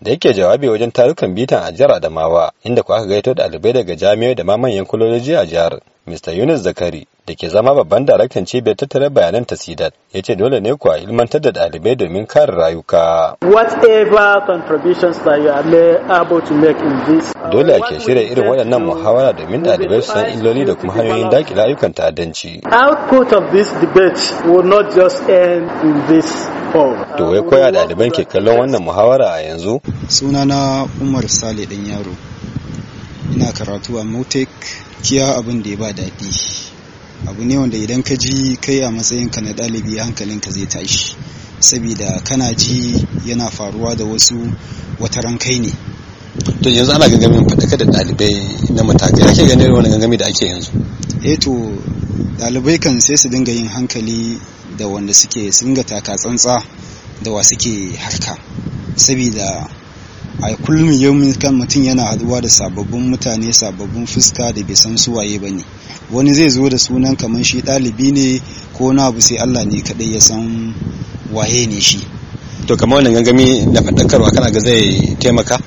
da yake jawabi wajen tarukan bitan a jihar Adamawa inda kuwa aka da ɗalibai daga jami'o'i da ma manyan kwalejoji a jihar Mr. Yunus Zakari da ke zama babban daraktan cibiyar tattara bayanan tasidat ya ce dole ne kuwa ilmantar da ɗalibai domin kare rayuka. Whatever contributions that make uh, Dole ake shirya irin waɗannan muhawara domin ɗalibai su san illoli da kuma hanyoyin daƙile ayyukan ta'addanci. Output of this not just To wai uh, ɗaliban ke kallon wannan muhawara a yanzu? Sunana Umar Sale ɗan yaro. ina karatu a motek kiya abin da ya ba daɗi abu ne wanda idan ka ji kai a matsayin ka na ɗalibi hankalinka zai tashi saboda kana ji yana faruwa da wasu wata rankai ne to yanzu ana gangamin faɗaka da ɗalibai na matakai ake ganin wani gangami da ake yanzu eh to ɗalibai kan sai su dinga yin hankali da wanda suke sun ga taka tsantsa da wa suke harka saboda a kullum yau min kan mutum yana haduwa da sababbin mutane sababbin fuska da bai san su waye ba ne wani zai zo da sunan kamar shi ɗalibi ne ko na abu sai allah ne kaɗai ya san waye ne shi to kamar wannan gangami na faɗakarwa kana ga zai taimaka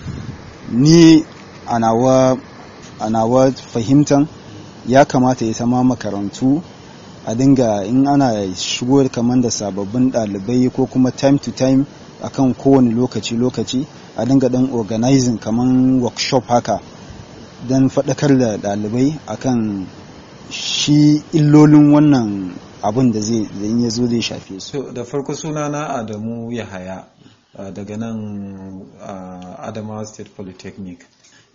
ni a nawa fahimtan ya kamata ya sama makarantu a dinga in ana shigo kamar da sababbin ɗalibai ko kuma time to time akan kowane lokaci lokaci a dinga dan organizing kaman workshop haka don faɗakar da ɗalibai akan shi illolin wannan abin da zai ya zo zai shafe su da farko suna na adamu yahaya daga nan adama state polytechnic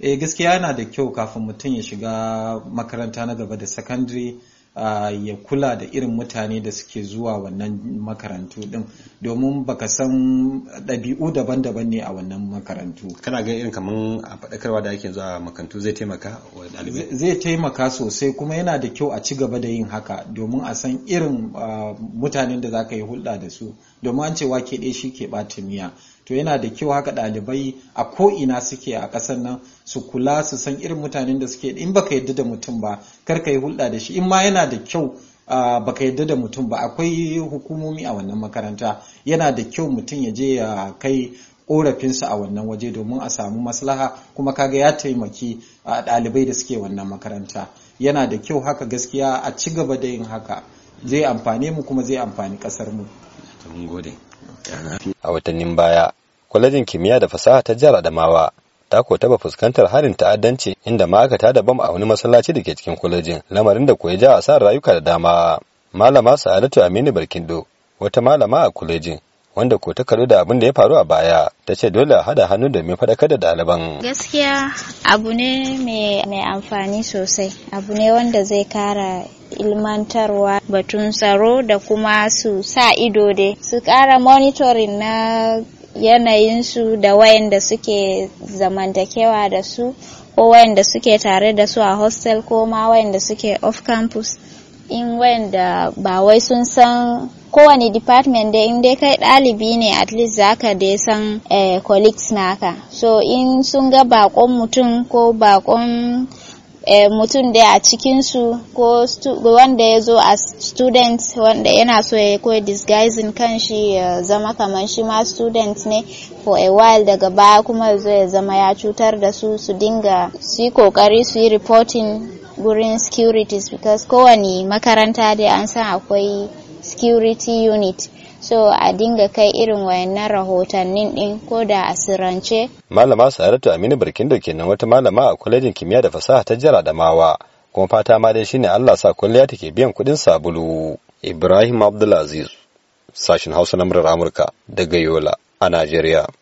eh gaskiya yana da kyau kafin mutum ya shiga makaranta na gaba da secondary Ah, ya kula da irin mutane da suke zuwa wannan makarantu din domin baka san ɗabi'u daban-daban ne a wannan makarantu kana ga irin kamar a faɗakarwa da ake zuwa makarantu zai taimaka wa ɗalibai zai taimaka sosai kuma yana da kyau a ci gaba da yin haka domin a san irin ah, mutanen da za ka yi hulɗa da su domin an ce wake ɗaya shi ke ɓata miya to yana da kyau haka ɗalibai a ko'ina suke a ƙasar nan su kula su san irin mutanen da suke in baka yadda da mutum ba kar ka yi hulɗa da shi in ma yana da kyau baka yadda da mutum ba akwai hukumomi a wannan makaranta yana da kyau mutum ya je ya kai korafinsa a wannan waje domin a samu maslaha kuma kaga ya taimaki ɗalibai da suke wannan makaranta yana da kyau haka gaskiya a ci gaba da yin haka zai amfane mu kuma zai amfani ƙasar mu a watannin baya kwalejin kimiyya da fasaha ta jihar adamawa ta ko taba fuskantar harin ta'addanci inda ma'aka ta tada bam a wani masallaci da ke cikin kwalejin lamarin da koya ja a sa rayuka da dama malama sa'adatu aminu barkindo wata malama a kwalejin wanda ko ta kalu da abin da ya faru a baya ta ce dole hada hannu domin faɗakar da ɗaliban. gaskiya abu ne mai amfani sosai abu ne wanda zai kara ilmantarwa batun tsaro da kuma su sa ido dai su kara monitoring na yanayinsu da wayanda suke zamantakewa da su ko wayanda suke tare da su a hostel ko ma wayanda suke off campus in wanda ba wai sun san kowane department dai in dai kai ɗalibi ne at least ka dai san eh, colleagues naka so in sun ga bakon mutum ko bakon eh, mutum dai a cikinsu ko wanda ya zo a student wanda yana so ya koyi disguising kan shi ya zama kamar shi ma student ne for a while daga baya kuma ya zo ya zama ya cutar da su su dinga su yi kokari su yi reporting gurin securities because kowane makaranta dai an san akwai security unit so a dinga kai irin wayannan rahotannin din ko da asirance. Malama Saratu Aminu Barkindo kenan wata malama a kwalejin kimiyya da fasaha ta jihar Adamawa kuma fata ma dai shine Allah sa kwalliya take biyan kuɗin sabulu. Ibrahim Abdulaziz sashin Hausa na murar Amurka daga Yola a Najeriya.